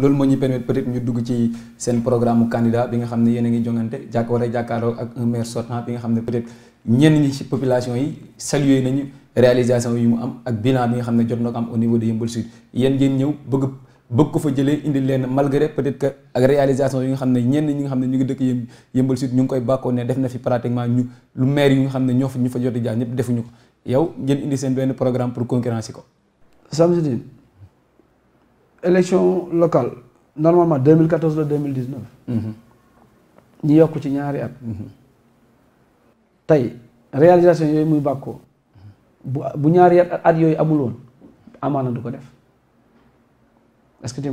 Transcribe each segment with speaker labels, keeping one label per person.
Speaker 1: loolu moo ñuy permettre peut-être ñu dugg ci seen programme candidat bi nga xam ne yéen ngi jongante jàkk war a jàkkaarloo ak un maire sortant bi nga xam ne peut-être ñenn ci population yi salué nañu réalisation yi mu am ak bilan bi nga xam ne jot na ko am au niveau de Yeumbeul Sud yéen ngeen ñëw bëgg bëgg ko fa jëlee indi leen malgré peut-être que ak réalisation yi nga xam ne ñenn ñi nga xam ne ñu ngi dëkk yë Yeumbeul Sud ñu ngi koy bàkkoo ne def na fi pratiquement ñu lu maire yi ne ñoo fa ñu fa joti jaar ñëpp defuñu ko yow ngeen indi seen
Speaker 2: benn programme pour concurrence ko local élection locale normalement 2014 la 2019. Mhm. ñu yokk ci ñaari at. Mhm. tey réalisation yooyu muy bàkkoo bu bu ñaari at at yooyu amul woon na du ko def est-ce que tu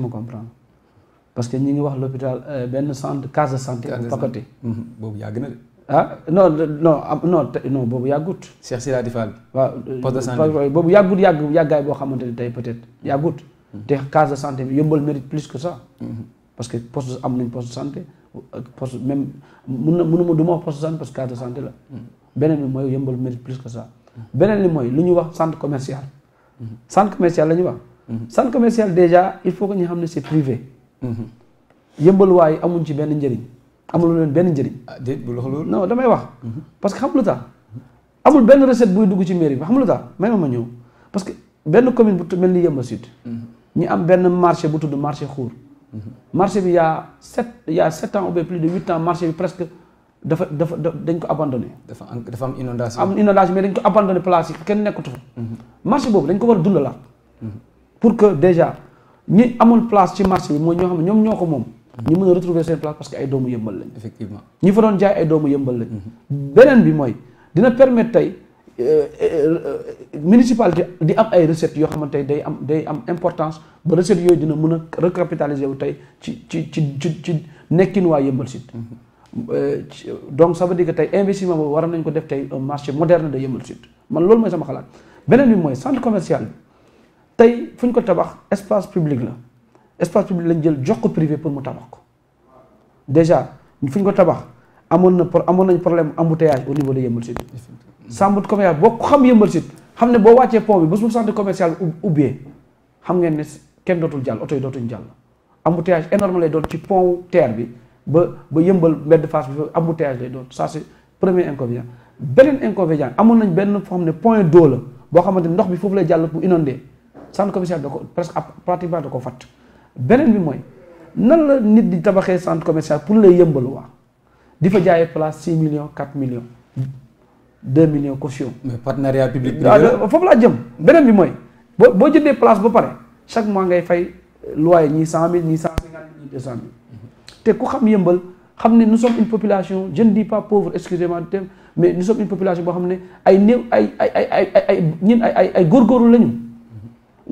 Speaker 2: parce que ñu ngi wax l'hôpital euh, benn centre case de santé. case de santé
Speaker 1: mhm. boobu yàgg na de.
Speaker 2: ah non non non non boobu yàggut. Cheikh Siradi Fall. waaw poste boobu yàggut yàgg yàggaay boo xamante ne tey peut-être yàggut. te case de santé bi yóbbal mérite plus que ça. parce que poste am nañ poste de santé poste même mun na munuma du ma wax poste de santé parce que case de santé la. beneen bi mooy yóbbal mérite plus que ça. beneen bi mooy lu ñuy wax centre commercial. centre commercial la ñuy wax. centre commercial déjà il faut que ñu xam ne si privé. yëmbal waaye amuñ ci benn njëriñ amul leen benn njëriñ. ah loolu non damay wax. parce que xam lu tax amul benn recette buy dugg ci mairie bi xam ma ma ñëw parce que benn commune bu mel ni Yeumbeul Sud. Nous avons un marché qui est marché court. marché, il y, a 7, il y a 7 ans ou plus de 8 ans, le marché est presque abandonné. Il y a une inondation. Il y a une inondation, mais il y mhm. a abandonné la place. Quel est le mhm. marché Le marché, il y a une Pour que déjà, nous avons une place sur le marché, nous avons une place. Nous avons retrouvé cette place parce qu'il y a des Effectivement. Nous avons déjà des dômes. Il y a des dômes. Il y a des dômes. Il y a municipalité di am ay recettes yoo xamante day am day am importance ba recettes yooyu dina mun a recapitaliser wu tey ci ci ci ci ci nekkin waa Yeumbeul Sud mhm. donc ça veut dire que tey investissement boobu waroon nañ ko def tey un marché moderne de Yeumbeul Sud man loolu mooy sama xalaat beneen bi mooy centre commercial tey fu ñu ko tabax espace public la espace public lañ jël jox ko privé pour mu tabax ko déjà fu ñu ko tabax amoon na amoon nañ problème embouteillage au niveau de yemul Sud chambre de commerce boo xam yemul Sud xam ne boo wàccee pont bi bés bu centre commercial bi ubbee xam ngeen ne kenn dootul jàll oto yi dootuñ jàll embouteillage énorme lay doon ci pont terre bi ba ba yëmbal mbedd face bi embouteillage lay doon ça c'est premier inconvénient beneen inconvénient amoon nañ benn foo xam ne point d'eau la boo xamante ndox bi foofu lay jàll bu inondé centre commercial da presque pratiquement da fat fatt bi mooy nan la nit di tabaxé centre commercial pour lay yembal waa Il faut jaayee place 6 millions 4 millions 2 millions caution. mais
Speaker 1: partenariat public ah, privé
Speaker 2: Faut que jëm beneen bi mooy Si boo jëndee place ba pare chaque mois ngay fay euh, loyer ñii 100000 ni 150 000, 200000 te ku xam yëmbal xam nous sommes une population je ne dis pas pauvre excusez-moi le terme mais nous sommes une population qui est... ne ay ay ay ay ay ay ay ay ay lañu. Mhm.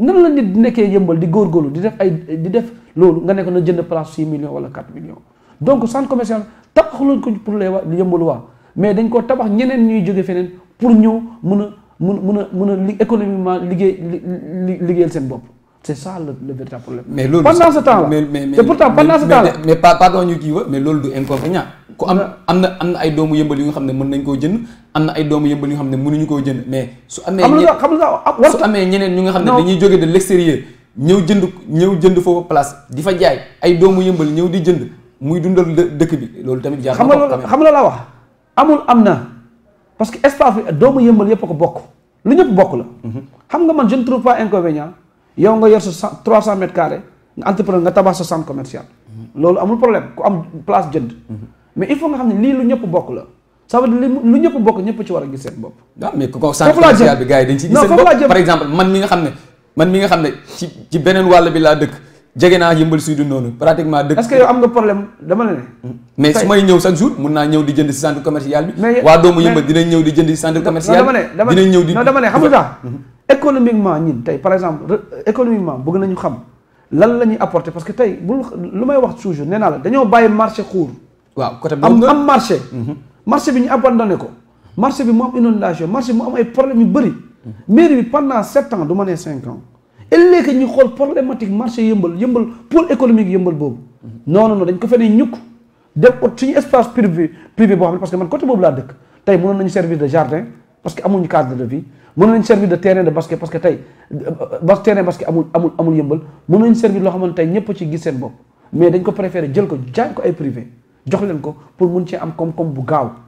Speaker 2: nan la nit des nekkee di des di def ay di def loolu nga nekk na jënd place 6 millions wala 4 millions donc centre commercial tabaxuloon ko pour les wax yëmbal waa mais dañ koo tabax ñeneen ñuy jóge feneen pour ñëw mun a mun mën a mën a li économiquement liggéey liggéeyal seen bopp c' est mais loolu pendant ce temps là te pourtant pendant ce
Speaker 1: temps pardon ñu kii mais loolu du inconvénient ku am am na am na ay doomu yëmbal yu nga xam ne mën nañ koo jënd am na ay doomu yëmbal yu nga xam ne mënuñu koo jënd mais. su amee xam nga su amee ñeneen ñu nga xam ne dañuy jóge de l' ñëw jënd ñëw jënd foofu place di fa
Speaker 2: jaay ay doomu yëmbal ñëw di jënd muy dundal dekk bi lolou tamit jaar xam nga xam nga la wax amul amna? parce que espace do doomu yëmbal yep ko bokk lu ñep bokk la mhm. xam nga man je ne trouve pas inconvénient yow nga yor sa trois cent nga entrepreneur nga tabax sa centre commercial mhm. lolou amul problème ku am place jënd mhm. mais il faut nga xamni li lu ñep bokk la ça veut dire lu ñep bokk ñep ci wara a gis seen bopp waaw ah, mais ko centre commercial bi gaay dañ ci gis seen bopp par
Speaker 1: exemple man mi nga xamni man mi nga xamni ci benen wall bi la dekk jege naa yëmbal sud noonu pratiquement dëkk est-ce que yow
Speaker 2: am nga problème dama la ne
Speaker 1: mais su may ñëw chaque jour mun naa ñëw di jënd si centre commercial bi waa doomu yëmbal dinañ ñëw di jënd si centre commercial bi dinañ ñëw
Speaker 2: di non dama ne économiquement ñin tey par exemple économiquement bëgg nañu xam lan la ñuy apporter parce que tey bu lu may wax toujours nee naa la dañoo bàyyi marché xuur
Speaker 1: waaw côté am am
Speaker 2: marché mhm. marché bi ñu abandonné ko marché bi mu am inondation marché bi mu am ay problème yu bëri mhm. mairie bi pendant sept cinq ëllëg ñu xool problématique marché yëmbal yëmbal pôle économique yëmbal boobu non non non dañ ko fenee ñukk dem ut suñu espace privé privé boo xam ne parce que man côté boobu laa dëkk tey mënoon nañu servir de jardin parce que amuñu cadre de vie mënoon nañu servir de terrain de basket parce que tey ba euh, euh, terrain basket amul amul yëmbal mënoon nañu servir loo xamante tey ñëpp ci gis seen bopp mais dañ ko préféré jël ko jaay ko ay privé jox leen ko pour mun cee am koom bu gaaw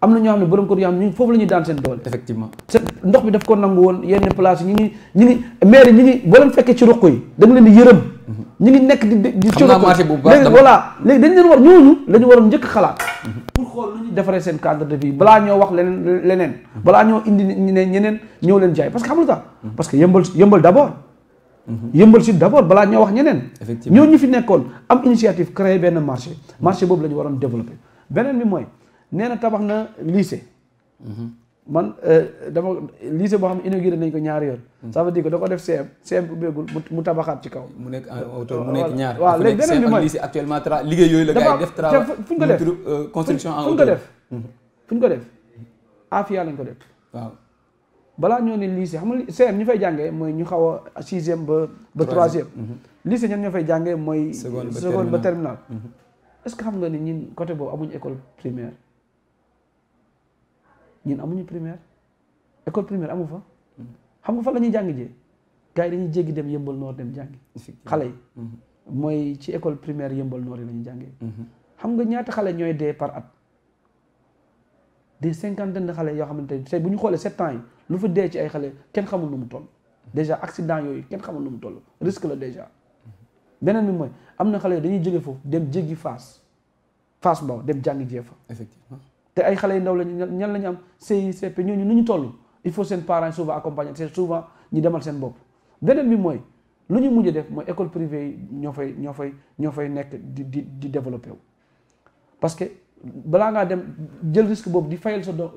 Speaker 2: am na ñoo xam ne borom kër yoo xam foofu la ñuy daan seen doole. effectivement ndox bi daf ko nangu woon yenn place yi ñu ngi ñu ngi maire ñu ngi boo fekkee ci ruq yi da leen di yërëm. Mhm. ñu ngi nekk di di ci ruq léegi voilà léegi dañ leen war ñooñu ñu waroon njëkk xalaat. Mhm. pour xool lu ñu defaree seen cadre balaa ñoo wax leneen leneen. balaa ñoo indi ñeneen ñeneen ñëw leen jaay parce que xam nga mhm. parce que yëmbal yëmbal d' abord. yëmbal sud d' abord balaa ñoo wax ñeneen. effectivement ñu fi nekkoon am initiative créer benn marché marché boobu la ñu waroon développer beneen bi mooy nee na tabax na lycée. Mhm. man euh, dama lycée boo xam ne inauguré nañ ko ñaari yoon. Mhm. ça veut dire que da ko def CM CM mu tabaxaat ci kaw. mu
Speaker 1: nekk en mu nekk ñaar. waaw léegi beneen bi mooy lycée actuellement tra liggéey yooyu la. gars euh, def fu ñu ko def construction en hauteur
Speaker 2: ñu ko def. waaw balaa ñoo ne lycée xam nga CM ñu fay jàngee mooy ñu xaw a sixième ba ba troisième. Mhm. lycée ñan ñoo fay jàngee mooy. seconde ba terminal seconde ba terminal. est ce xam nga ni ñun côté boobu amuñ école primaire. ñun amuñu primaire école primaire amu fa. Hmm. xam nga fa la ñuy jàng jee gars yi dañuy jéggi dem yëmbal noor dem jàngi. xale yi. Hmm. mooy ci école primaire yëmbal noor yi la ñuy jàngee. Hmm. xam nga ñaati xale ñooy dee par at. des cinquantaine de xale yoo xamante ne tey bu ñu xoolee sept yi lu fa dee ci ay xale kenn xamul nu mu toll. déjà accident yooyu kenn xamul nu mu tollu risque la déjà. beneen bi mooy am na xale yoo dañuy jóge foofu dem jéggi Fass Fass Mbaw dem jàngi jee fa. effectivement. te ay xale yu ndaw lañu ñan lañu am CICP ñooñu nu ñu toll il faut seen parents souvent accompagner c'est souvent ñu demal seen bopp beneen bi mooy lu ñu mujj def mooy école privée yi ñoo fay ñoo fay ñoo fay nekk di di di développé wu parce que balaa ngaa dem jël risque boobu di fayal sa doom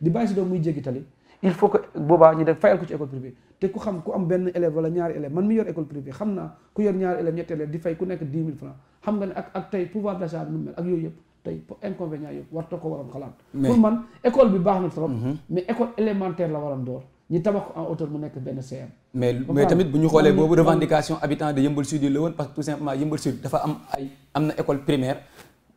Speaker 2: di bàyyi sa doom muy jéggi tali il faut que boobaa ñu def fayal ko ci école privée te ku xam ku am benn élève wala ñaari élève man mi yor école privée xam naa ku yor ñaari élève ñetti élève di ku nekk dix mille francs xam nga ne ak ak tey pouvoir d'achat ak yooyu yëpp tey inconvénient yëpp warta ko waroon xalaat pour man école bi baax na trop mhm. mais école élémentaire la waroon door ñi tabax ko en hauteur mu nekk benn CM mais mais tamit bu ñu xoolee boobu
Speaker 1: revendication habitant de Yeumbeul Sud yi la woon parce que tout simplement Sud dafa am ay am na école primaire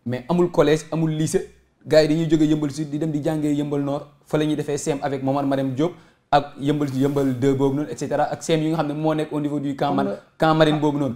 Speaker 1: mais amul collège amul lycée gars yi dañuy jóge Yeumbeul Sud di dem di jàngee Yeumbeul Nord fa la ñuy defee CM avec Momar Marème Diop ak Yeumbeul Yeumbeul 2 boobu noonu et cetera ak CM yi nga xam moo nekk au niveau du boobu noonu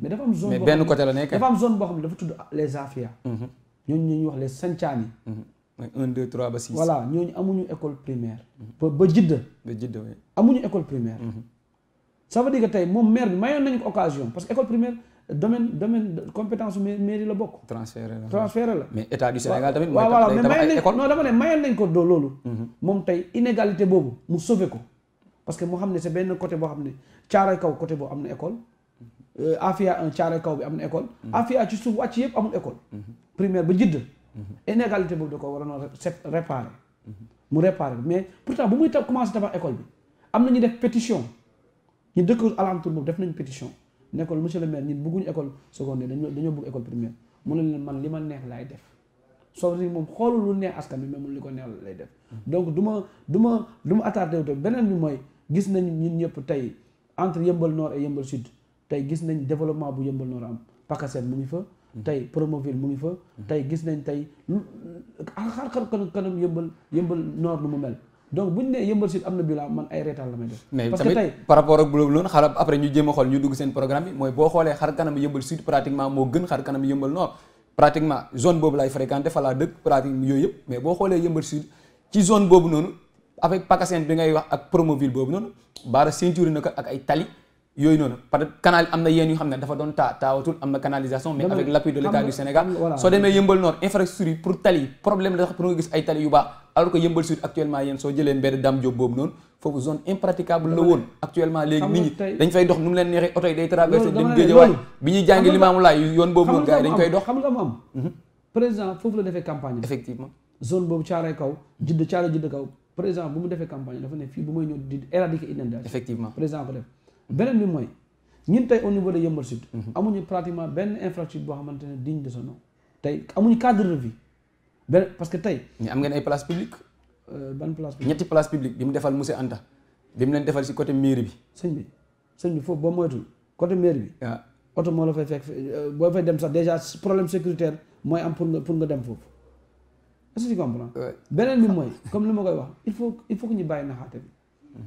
Speaker 2: mais dafa am zone benn côté la nekk dafa am zone boo xam ne dafa tudd les afia mhm. ñooñu ñuy wax les sancaani mhm. un deux trois ba six voilà ñooñu amuñu école primaire ba ba jidda ba jidda amuñu école primaire mhm. ça veut que tey moom maire bi mayoon nañu ko occasion parce que école primaire domaine domaine compétence mairie la bokk transféré la transféré la
Speaker 1: mais état du Sénégal tamit waaw waaw mais mayoon
Speaker 2: nañ nañ ko doo loolu moom tey inégalité boobu mu sauvé ko parce que moo xam ne c'est benn côté boo xam ne caaray kaw côté boobu am école Euh, Afia un Thiaroye kaw bi amul école. Mhm. Afia ci suuf wàcc yëpp amul école. Mhm. primaire ba jidd mhm. inégalité boobu da ko waroon a réparer. mu réparer mais pourtant bu muy ta commencé tabax école bi am na ñu def pétition ñu dëkk alentour boobu def nañ pétition nekkoon monsieur le maire ñun bëgguñu école secondaire dañoo dañoo bëgg école primaire mu ne leen man li ma neex laay def. soo di moom xoolul lu neex askan bi mais mun li ko neex lay def donc du ma du ma du ma attardé wu beneen bi mooy gis nañ ñun ñëpp tey entre yëmbal nord yëmbal sud. tey gis nañ développement bu yëmbal noonu am Pakasen mu ngi fa mm-hmm. tey Promoville mu ngi fa mm-hmm. tey gis nañ tey xar xar kanam yëmbal yëmbal noor nu mu mel donc bu ñu nee yëmbal sud am na bilan man ay reetaan la may def. parce que tey
Speaker 1: par rapport ak loolu noonu xala après ñu jéem a xool ñu dugg seen programme bi mooy boo xoolee xar kanam yëmbal sud pratiquement moo gën xar kanam yëmbal nord pratiquement zone boobu lay fréquenté fa laa dëkk pratiquement yooyu yëpp mais boo xoolee yëmbal sud ci zone bi ngay wax ak Promoville boobu noonu baara ceinture na ak ay tali. yooyu noonu peut être canal amna na yéen yu xam dafa don ta taawatul amna canalisation mais avec l'appui de l'état du Sénégal so demee yëmbal nord infrastructure pour tali problème la pour nga gis ay tali yu ba alors que yëmbal sud actuellement yéen so jëlee mbedd dam job bob non fofu zone impraticable la woon actuellement légui nit ñi dañ fay dox nu mu leen neexee oto yi day traversé dem Géejawaay bi ñuy jàngi l'imam lay yoon boobu noonu gars yi dañ koy dox
Speaker 2: xam nga mu am mhm. président fofu la défé campagne effectivement zone boobu caaray kaw jidd caaray jidd kaw président bu mu défé campagne dafa né fi bu may ñëw di éradiquer inondation effectivement président ko beneen bi mooy ñun tey au niveau de Yeumbeul Sud mhm. amuñu pratiquement benn infrastructure boo xamante ne digne de son nom tey amuñu cadre de vie benn parce que tey mais am ngeen ay place publique euh, ban place publique ñetti place publique bi mu defal monsieur Anta bi mu leen defal si côté mairie bi sëñ bi sëñ bi foofu boo moytul côté bi waaw ah. oto moo la fay fekk euh, boo fa dem sax déjà problème sécuritaire mooy am pour nga pour nga dem foofu est-ce que tu beneen bi mooy comme li ma koy wax il faut il faut ñu bàyyi naxaate bi
Speaker 1: mhm.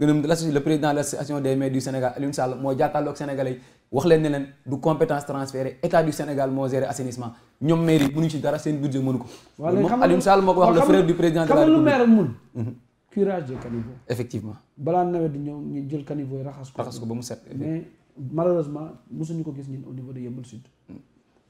Speaker 1: le président de l'association des maires du Sénégal Alioune Sall moo jàkkaarloog Sénégalais yi wax leen ne leen du compétence transférée état du Sénégal moo géré assainissement ñoom maire yi mënuñu ci dara seen budget mënu ko. Alioune Sall moo wax le frère du président de la République. xam le maire mun.
Speaker 2: curage de caniveau. effectivement balaa nawet di ñëw ñu jël caniveau yi raxas ko. raxas ko ba mu set. mais malheureusement mosuñu ko gis ñun au niveau de Yeumbeul Sud.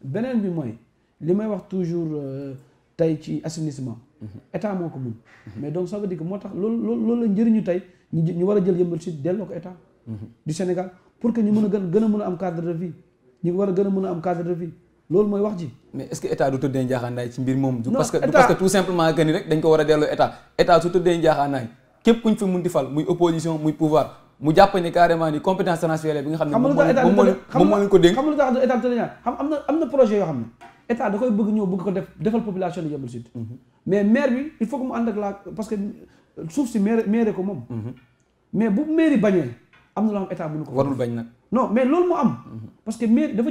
Speaker 2: Benen bi mooy li may wax toujours euh, tey ci assainissement. Mhm. état moo mun. Mhm. mais donc ça veut dire que moo tax loolu loolu la njëriñu tey ñu war a jël yëmbal sud delloo ko état du Sénégal pour que ñu mën a gën a mën a am cadre de vie ñu war a gën a mën a am cadre de vie loolu mooy wax ji
Speaker 1: mais est-ce du tëddee njaaxaanaay képp kuñ fi mun di fal muy opposition muy pouvoir mu jàpp carrément ni compétence transférée bi nga xam ne moom moo
Speaker 2: leen ko dénk xam lu tax état du tëddee xam am na am na projet yoo xam ne état da koy bëgg ñëw bëgg ko def defal population de yëmbal sud mm-hmm. mais maire suuf si maire maire ko moom. Mhm. mais bu mairie bañee am na loo xam état mënu ko. warul bañ nag non mais loolu moo am. Mhm. parce que maire dafa